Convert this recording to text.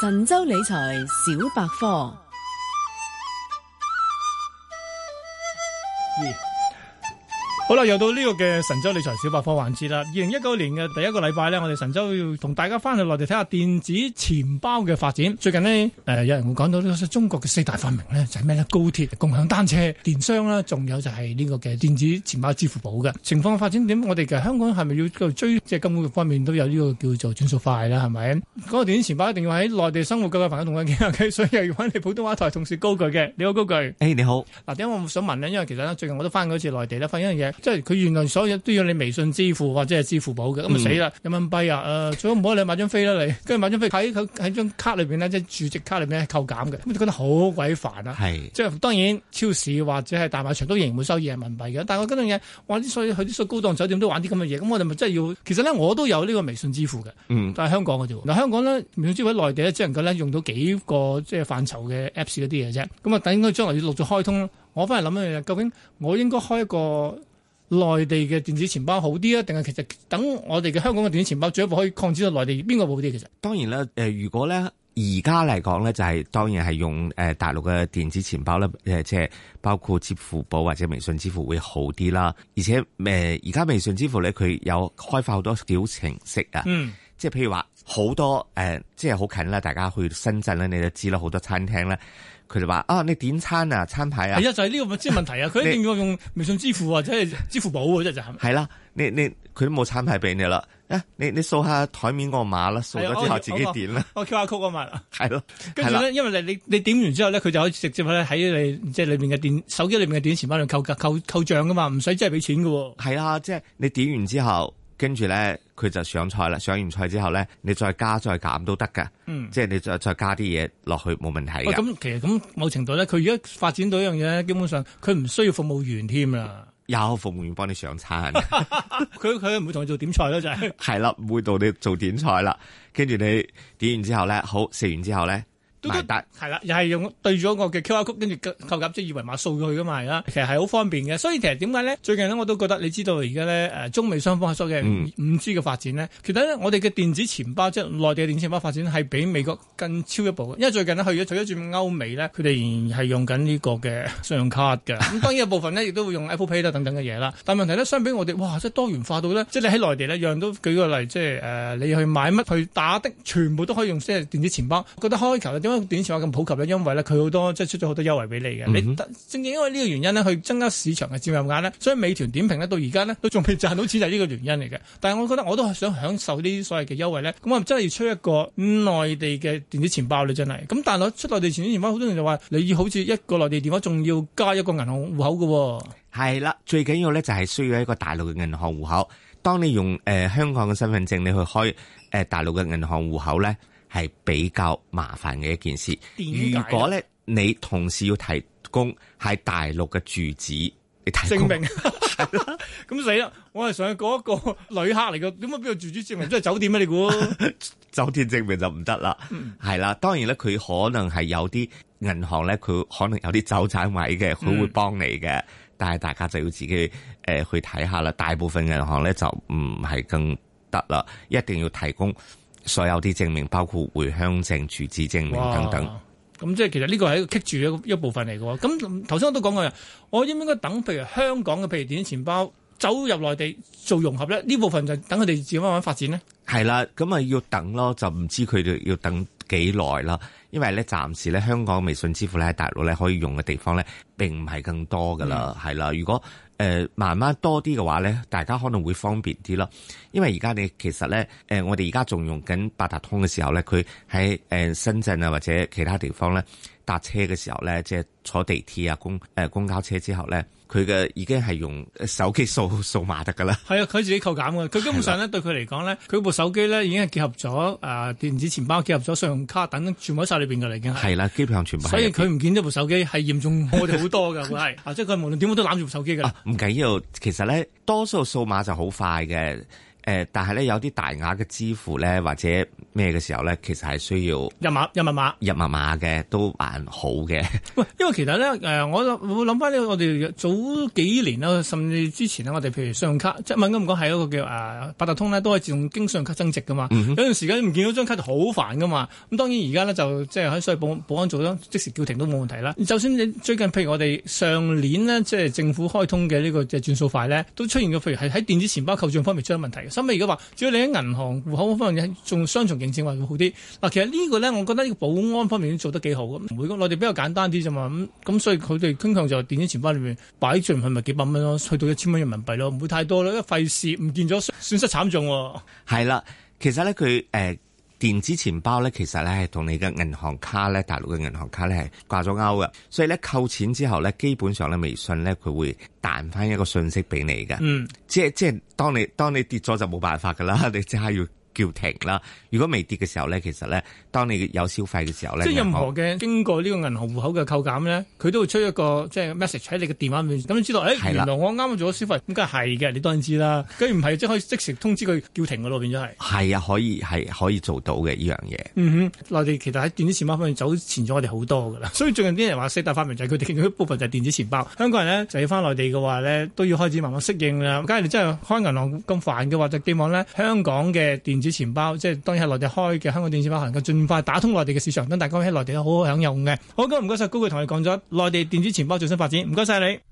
神州理財小百科。Yeah. 好啦，又到呢個嘅神州理財小百科環節啦。二零一九年嘅第一個禮拜咧，我哋神州要同大家翻去內地睇下電子錢包嘅發展。最近呢，誒、呃、有人會講到呢、這個，中國嘅四大發明咧就係咩咧？高鐵、共享單車、電商啦，仲有就係呢個嘅電子錢包、支付寶嘅。情況發展點？我哋嘅香港係咪要追即係金融方面都有呢個叫做轉數快啦？係咪？嗰、那個電子錢包一定要喺內地生活嘅朋友同我傾下偈，okay? 所以又要揾你普通話台同事高炬嘅，你好高炬。誒，hey, 你好。嗱、啊，點解我想問咧？因為其實咧，最近我都翻過一次內地咧，發現一樣嘢。即係佢原來所有嘢都要你微信支付或者係支付寶嘅，咁啊、嗯、死啦！人民幣啊，誒、呃、最好唔好你買張飛啦你，跟住買張飛喺喺喺張卡裏邊呢，即係儲值卡裏邊扣減嘅，咁就覺得好鬼煩啊！是即係當然超市或者係大賣場都仍然會收人民幣嘅，但係我覺得嘢，哇！啲所以去啲所以高檔酒店都玩啲咁嘅嘢，咁我哋咪真係要？其實呢，我都有呢個微信支付嘅、嗯，但係香港嘅啫。嗱，香港呢，微信支付喺內地咧，只能夠咧用到幾個即係範疇嘅 Apps 嗰啲嘢啫。咁啊，等應該將來要陸續開通咯。我翻嚟諗一樣嘢，究竟我應該開一個？內地嘅電子錢包好啲啊，定係其實等我哋嘅香港嘅電子錢包進一步可以擴展到內地，邊個好啲其實？當然啦，誒如果咧而家嚟講咧，就係當然係用誒大陸嘅電子錢包咧，誒即係包括支付寶或者微信支付會好啲啦。而且誒而家微信支付咧，佢有開發好多小程式啊。嗯。即係譬如話好多誒、呃，即係好近啦，大家去深圳咧，你就知啦，好多餐廳咧，佢就話啊，你點餐啊，餐牌，啊係啊，就係、是、呢個咁嘅問題啊，佢一定要用微信支付或者係支付寶喎，啊，即係就係啦，你你佢冇餐牌俾你啦，啊，你你掃下台面個碼啦，掃咗之後自己點啦，我 QR Code 啊嘛，係咯，跟住咧，因為你你你點完之後咧，佢就可以直接喺你即係裏面嘅電手機裏面嘅電子錢包度扣噶扣扣賬噶嘛，唔使真係俾錢噶喎，係啊，即係你點完之後。跟住咧，佢就上菜啦。上完菜之後咧，你再加再減都得噶。嗯，即係你再再加啲嘢落去冇問題嘅。咁、哦、其實咁某程度咧，佢而家發展到一樣嘢咧，基本上佢唔需要服務員添啦。有服務員幫你上餐，佢佢唔會同你做點菜咯，就係係啦，唔會 到你做點菜啦。跟住你點完之後咧，好，食完之後咧。係啦，又係用對咗個嘅 QR code，跟住扣夾即係二維碼掃咗佢噶嘛，係啦。其實係好方便嘅。所以其實點解咧？最近咧我都覺得，你知道而家咧誒中美雙方所嘅五 G 嘅發展咧，嗯、其實咧我哋嘅電子錢包即係內地嘅電子錢包發展係比美國更超一步，因為最近咧去咗一轉歐美咧，佢哋仍然係用緊呢個嘅信用卡㗎。咁 當然有部分咧亦都會用 Apple Pay 等等嘅嘢啦。但係問題咧，相比我哋哇，即係多元化到咧，即係你喺內地咧，樣都舉個例，即係誒、呃、你去買乜去打的，全部都可以用即係電子錢包。覺得開球。咧點短錢包咁普及咧，嗯、因為咧佢好多即係出咗好多優惠俾你嘅。你、嗯、哼正正因為呢個原因呢，去增加市場嘅佔有額呢。所以美團點評呢，到而家呢，都仲未賺到錢，就係呢個原因嚟嘅。但係我覺得我都想享受啲所謂嘅優惠呢。咁我真係要出一個內地嘅電子錢包你真係。咁但係我出內地電子錢包，好多人就話你要好似一個內地電話，仲要加一個銀行戶口嘅。係啦，最緊要呢，就係需要一個大陸嘅銀行戶口。當你用誒、呃、香港嘅身份證，你去開誒大陸嘅銀行戶口呢。係比較麻煩嘅一件事。何如果咧，你同事要提供喺大陸嘅住址證明，咁死啦！我係上一個旅客嚟嘅，點解邊個住址證明？即係酒店咩？你估酒店證明就唔得啦，係啦、嗯。 當然咧，佢可能係有啲銀行咧，佢可能有啲走產位嘅，佢會幫你嘅。嗯、但係大家就要自己誒去睇下啦。大部分銀行咧就唔係更得啦，一定要提供。所有啲證明，包括回鄉證、住址證明等等。咁即係其實呢個係一個棘住嘅一部分嚟嘅。咁頭先我都講過，我應唔應該等？譬如香港嘅譬如電子錢包走入內地做融合咧，呢部分就等佢哋自己慢慢發展呢？係啦，咁啊要等咯，就唔知佢哋要等幾耐啦。因為咧，暫時咧香港微信支付咧喺大陸咧可以用嘅地方咧並唔係更多嘅啦，係啦、嗯，如果。誒、呃、慢慢多啲嘅話咧，大家可能會方便啲咯。因為而家你其實咧，誒、呃、我哋而家仲用緊八達通嘅時候咧，佢喺誒深圳啊或者其他地方咧搭車嘅時候咧，即係坐地鐵啊公誒、呃、公交車之後咧。佢嘅已經係用手機掃掃碼得噶啦。係啊，佢自己扣減嘅。佢根本上咧係嘅對佢嚟講咧，佢部手機咧已經係結合咗啊、呃、電子錢包、結合咗信用卡等，等全部喺晒裏邊噶啦，已經係。係啦，基本上全部。所以佢唔見咗部手機係嚴重我，我哋好多噶，係啊，即係佢無論點都攬住部手機噶啦。唔、啊、緊要，其實咧多數掃碼就好快嘅。誒，但係咧有啲大額嘅支付咧，或者咩嘅時候咧，其實係需要入密入密碼、入密碼嘅都還好嘅。喂， 因為其實咧，誒，我我諗翻呢，我哋早幾年啦，甚至之前咧，我哋譬如信用卡即係問咁講係一個叫誒、啊、八達通咧，都係自動經信用卡增值噶嘛。嗯、哼有段時間唔見到張卡就好煩噶嘛。咁當然而家咧就即係喺所以保保安做得即時叫停都冇問題啦。就算你最近譬如我哋上年呢，即係政府開通嘅呢個即係轉數快咧，都出現咗，譬如係喺電子錢包扣帳方面出咗問題。咁而家話，只要你喺銀行戶口方面，仲雙重認證，話會好啲。嗱，其實個呢個咧，我覺得呢個保安方面都做得幾好咁，唔會。我哋比較簡單啲啫嘛。咁、嗯、咁，所以佢哋傾向就係電子錢包裏面擺進去咪幾百蚊咯，去到一千蚊人民幣咯，唔會太多啦，因為費事唔見咗，損失慘重，啊。係啦，其實咧，佢誒。呃電子錢包咧，其實咧係同你嘅銀行卡咧，大陸嘅銀行卡咧係掛咗勾嘅，所以咧扣錢之後咧，基本上咧微信咧佢會彈翻一個信息俾你嘅，嗯，即係即係當你當你跌咗就冇辦法噶啦， 你即刻要。叫停啦！如果未跌嘅時候咧，其實咧，當你有消費嘅時候咧，即係任何嘅經過呢個銀行戶口嘅扣減咧，佢都會出一個即係 message 喺你嘅電話面，咁你知道誒？欸、的原來我啱啱做咗消費，咁梗係嘅，你當然知啦。佢唔係即可以即時通知佢叫停嘅咯，變咗係係啊，可以係可以做到嘅呢樣嘢。嗯哼，內地其實喺電子錢包方面走前咗我哋好多嘅啦，所以最近啲人話四大發明就係佢哋其中一部分就係電子錢包。香港人咧就要翻內地嘅話咧，都要開始慢慢適應啦。梗係你真係開銀行咁煩嘅話，就希望咧香港嘅電子錢包即係當然係內地開嘅香港電子錢包能夠盡快打通內地嘅市場，等大家喺內地都好好享用嘅。好，唔該晒高炬同你講咗內地電子錢包最新發展，唔該晒你。